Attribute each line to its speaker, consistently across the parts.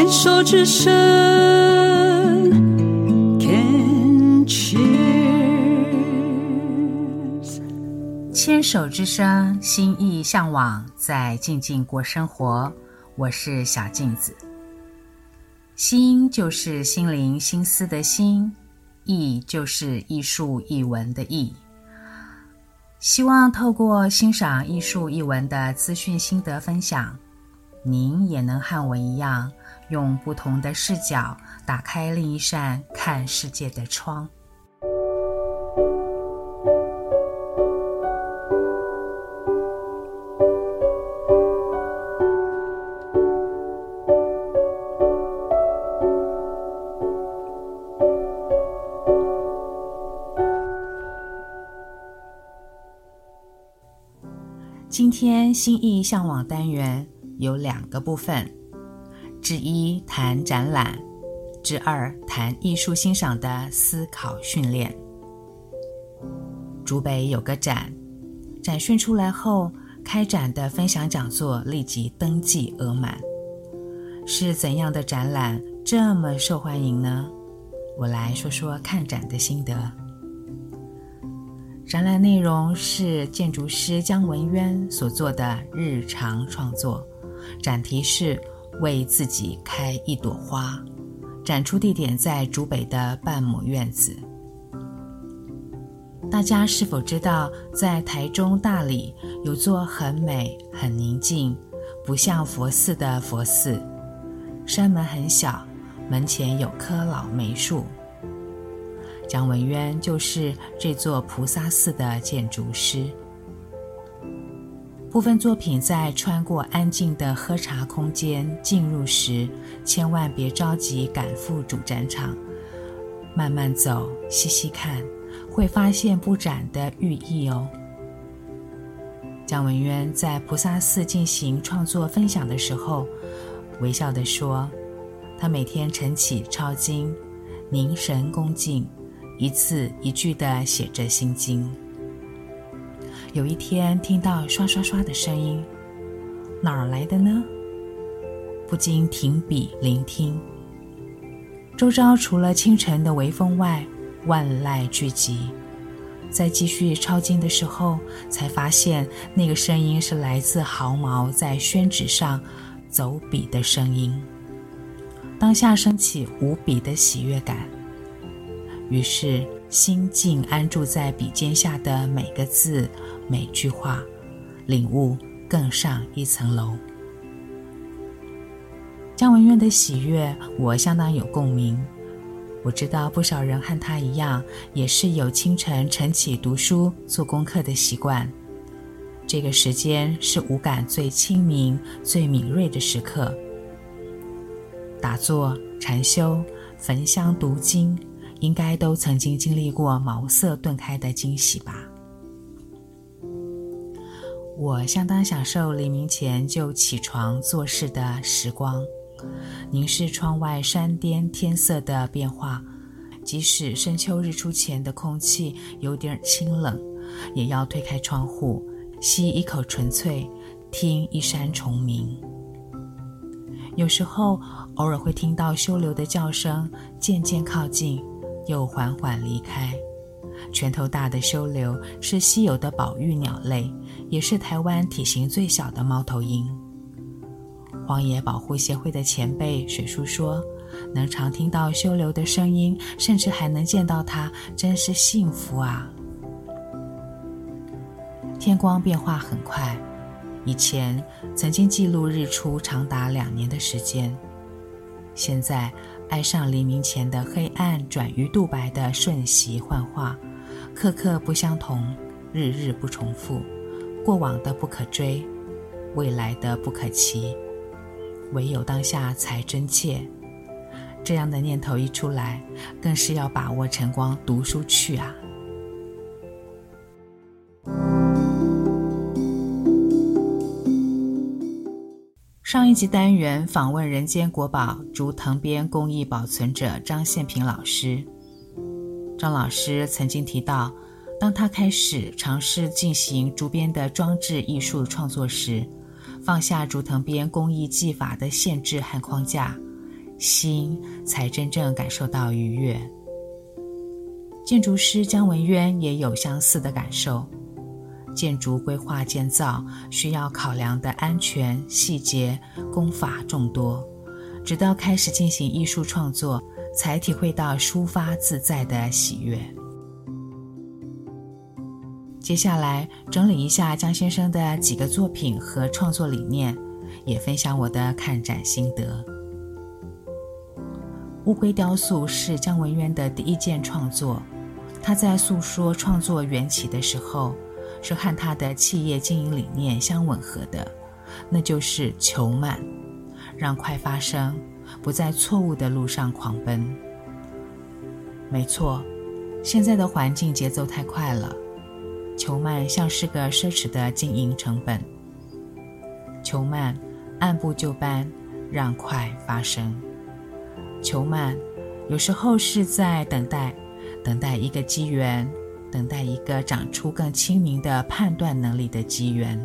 Speaker 1: 牽手之聲，Can c h 牽手之聲，心藝嚮往，在靜靜過生活。我是小鏡子。心就是心靈、心思的心，藝就是藝術、藝文的藝。希望透過欣賞藝術、藝文的資訊心得分享，您也能和我一樣，用不同的視角打開另一扇看世界的窗。今天“心藝嚮往”單元有兩個部分。之一談展覽，之二談藝術欣賞的思考訓練。竹北有個展，展訊出來後，開展的分享講座立即登記額滿。是怎樣的展覽這麼受歡迎呢？我來說說看展的心得。展覽內容是建築師江文淵所做的日常創作，展題是，為自己開一朵花，展出地點在竹北的半畝院子。大家是否知道，在台中、大里有座很美、很寧靜、不像佛寺的佛寺？山門很小，門前有棵老梅樹。江文淵就是這座菩薩寺的建築師。部分作品在穿過安靜的喝茶空間進入時，千萬別着急趕赴主展場，慢慢走，細細看，會發現布展的寓意哦。江文淵在菩薩寺進行創作分享的時候，微笑地說：“他每天晨起抄經，凝神恭敬，一字一句地寫着心經。”有一天聽到唰唰唰的聲音，哪兒來的呢？不禁停筆聆聽。周遭除了清晨的微風外，萬籟俱寂。在繼續抄經的時候，才發現那個聲音是來自毫毛在宣紙上走筆的聲音。當下升起無比的喜悅感，於是。心靜安住在筆尖下的每個字、每句話，領悟更上一層樓。江文淵的喜悅，我相當有共鳴。我知道不少人和他一樣，也是有清晨晨起讀書、做功課的習慣。這個時間是五感最清明、最敏銳的時刻。打坐、禪修、焚香、讀經。應該都曾經經歷過茅塞頓開的驚喜吧。我相當享受黎明前就起床做事的時光，凝視窗外山巔天色的變化。即使深秋日出前的空氣有點清冷，也要推開窗戶吸一口純粹，聽一山蟲鳴。有時候偶爾會聽到鵂鶹的叫聲漸漸靠近。又緩緩離開。拳頭大的鵂鶹是稀有的保育鳥類，也是台灣體型最小的貓頭鷹。荒野保護協會的前輩雪叔說：“能常聽到鵂鶹的聲音，甚至還能見到它，真是幸福啊！”天光變化很快，以前曾經記錄日出長達兩年的時間，現在。愛上黎明前的黑暗，轉魚肚白的瞬息幻化，刻刻不相同，日日不重複，過往的不可追，未來的不可期，唯有當下才真切。這樣的念頭一出來，更是要把握晨光讀書去啊。上一集單元訪問人間國寶竹藤編工藝保存者張憲平老師。張老師曾經提到，當他開始嘗試進行竹編的裝置藝術創作時，放下竹藤編工藝技法的限制和框架，心才真正感受到愉悅。建築師江文淵也有相似的感受。建築規劃、建造，需要考量的安全細節、工法眾多，直到開始進行藝術創作，才體會到抒發自在的喜悅。接下來整理一下江先生的幾個作品和創作理念，也分享我的看展心得。烏龜雕塑是江文淵的第一件創作，他在訴說創作緣起的時候。是和他的企業經營理念相吻合的，那就是求慢，讓快發生，不在錯誤的路上狂奔。沒錯，現在的環境節奏太快了，求慢像是個奢侈的經營成本。求慢，按部就班，讓快發生。求慢，有時候是在等待，等待一個機緣。等待一個長出更清明的判斷能力的機緣，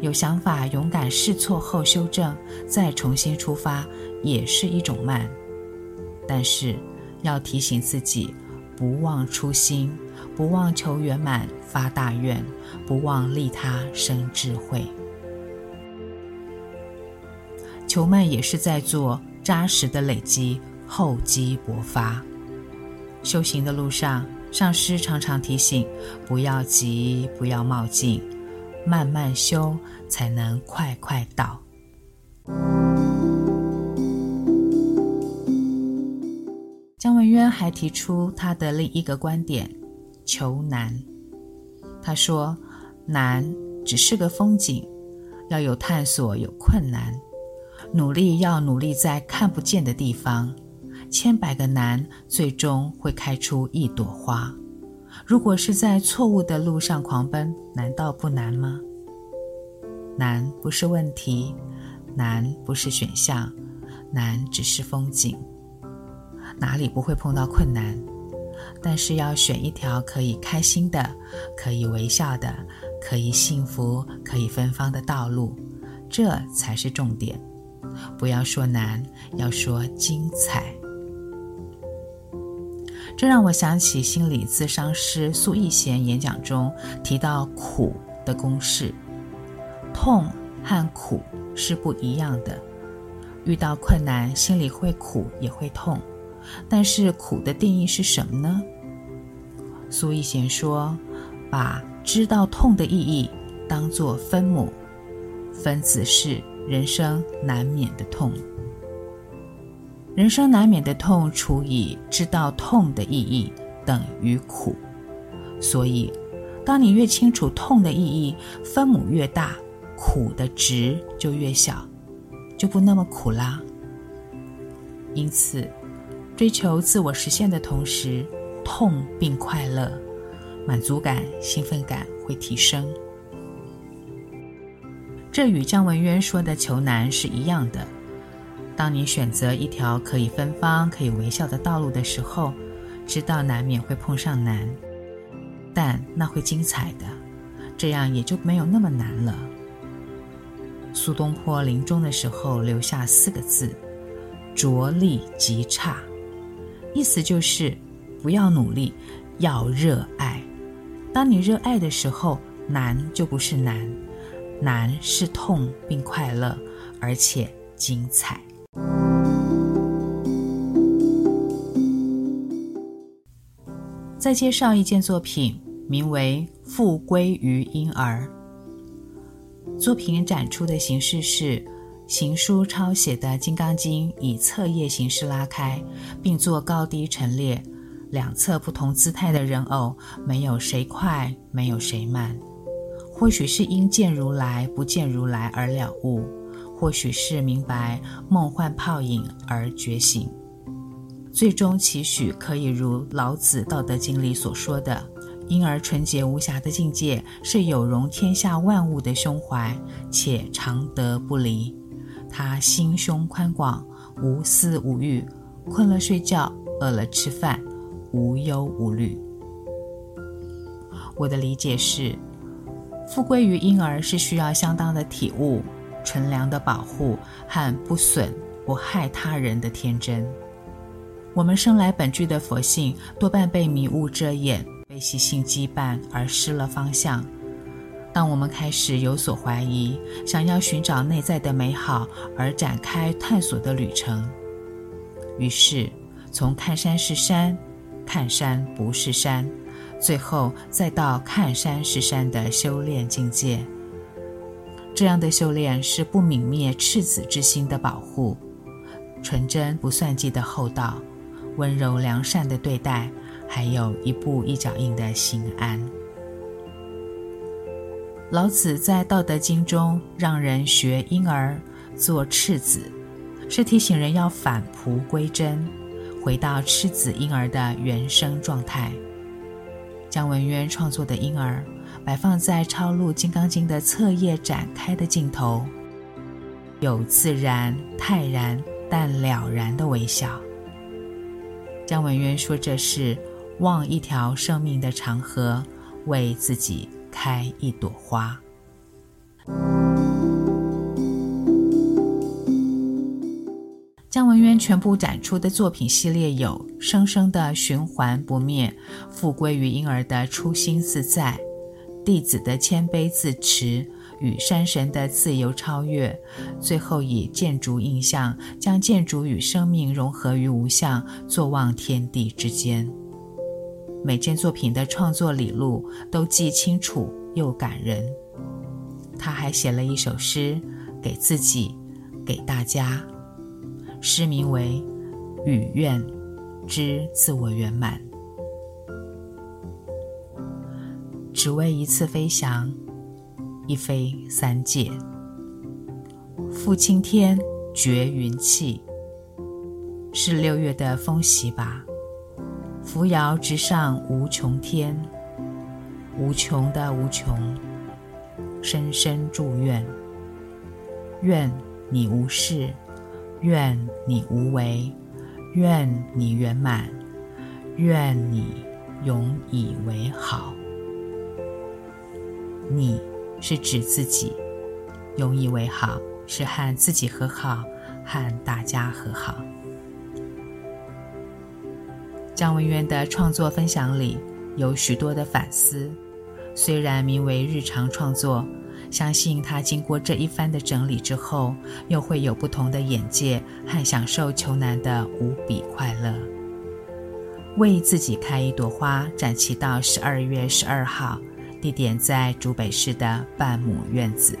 Speaker 1: 有想法，勇敢試錯後修正，再重新出發，也是一種慢。但是，要提醒自己，不忘初心，不忘求圓滿，發大願，不忘利他生智慧。求慢也是在做扎實的累積，厚積薄發。修行的路上，上師常常提醒：不要急，不要冒進，慢慢修才能快快到。江文淵還提出他的另一個觀點：求難。他說：“難只是個風景，要有探索，有困難，努力要努力在看不見的地方。”千百個難，最終會開出一朵花。如果是在錯誤的路上狂奔，難道不難嗎？難不是問題，難不是選項，難只是風景。哪裡不會碰到困難？但是要選一條可以開心的、可以微笑的、可以幸福、可以芬芳的道路，這才是重點。不要說難，要說精彩。這讓我想起心理諮商師蘇奕賢演講中提到“苦”的公式，痛和苦是不一樣的。遇到困難，心裡會苦也會痛，但是苦的定義是什麼呢？蘇奕賢說：“把知道痛的意義當作分母，分子是人生難免的痛。”人生難免的痛，除以知道痛的意義等於苦，所以，當你越清楚痛的意義，分母越大，苦的值就越小，就不那麼苦啦。因此，追求自我實現的同時，痛並快樂，滿足感、興奮感會提升。這與江文淵說的“求難”是一樣的。當你選擇一條可以芬芳、可以微笑的道路的時候，知道難免會碰上難，但那會精彩的，這樣也就沒有那麼難了。蘇東坡臨終的時候留下四個字：“著力即差”，意思就是不要努力，要熱愛。當你熱愛的時候，難就不是難，難是痛並快樂，而且精彩。再介紹一件作品，名為《復歸於嬰兒》。作品展出的形式是，行書抄寫的《金剛經》以冊頁形式拉開，並做高低陳列。兩側不同姿態的人偶，沒有誰快，沒有誰慢。或許是因見如來不見如來而了悟，或許是明白夢幻泡影而覺醒。最終期許可以如老子《道德經》裡所說的，嬰兒純潔無瑕的境界是有容天下萬物的胸懷，且常德不離。他心胸寬廣，無私無欲，困了睡覺，餓了吃飯，無憂無慮。我的理解是，復歸於嬰兒是需要相當的體悟、純良的保護和不損不害他人的天真。我們生來本具的佛性，多半被迷霧遮掩，被習性羈絆而失了方向。當我們開始有所懷疑，想要尋找內在的美好而展開探索的旅程，於是從看山是山，看山不是山，最後再到看山是山的修煉境界。這樣的修煉是不泯滅赤子之心的保護，純真不算計的厚道。溫柔良善的對待，還有一步一腳印的心安。老子在《道德經》中讓人學嬰兒，做赤子，是提醒人要返璞歸真，回到赤子嬰兒的原生狀態。江文淵創作的嬰兒，擺放在抄錄《金剛經》的冊頁展開的鏡頭，有自然、泰然但了然的微笑。江文淵說：“這是望一條生命的長河，為自己開一朵花。”江文淵全部展出的作品系列有：生生的循環不滅，復歸於嬰兒的初心自在，弟子的謙卑自持。與山神的自由超越，最後以建築印象將建築與生命融合於無相，坐望天地之間。每件作品的創作理路都既清楚又感人。他還寫了一首詩，給自己，給大家。詩名為《與願之自我圓滿》，只為一次飛翔。一飛三界，負青天，絕雲氣。是六月的風息吧？扶搖直上無窮天，無窮的無窮。深深祝願，願你無事，願你無為，願你圓滿，願你永以為好。你。是指自己，永以為好，是和自己和好，和大家和好。江文淵的創作分享裡有許多的反思，雖然名為日常創作，相信他經過這一番的整理之後，又會有不同的眼界和享受。求難的無比快樂，為自己開一朵花，展期到十二月十二號。地點在竹北市的半畝院子。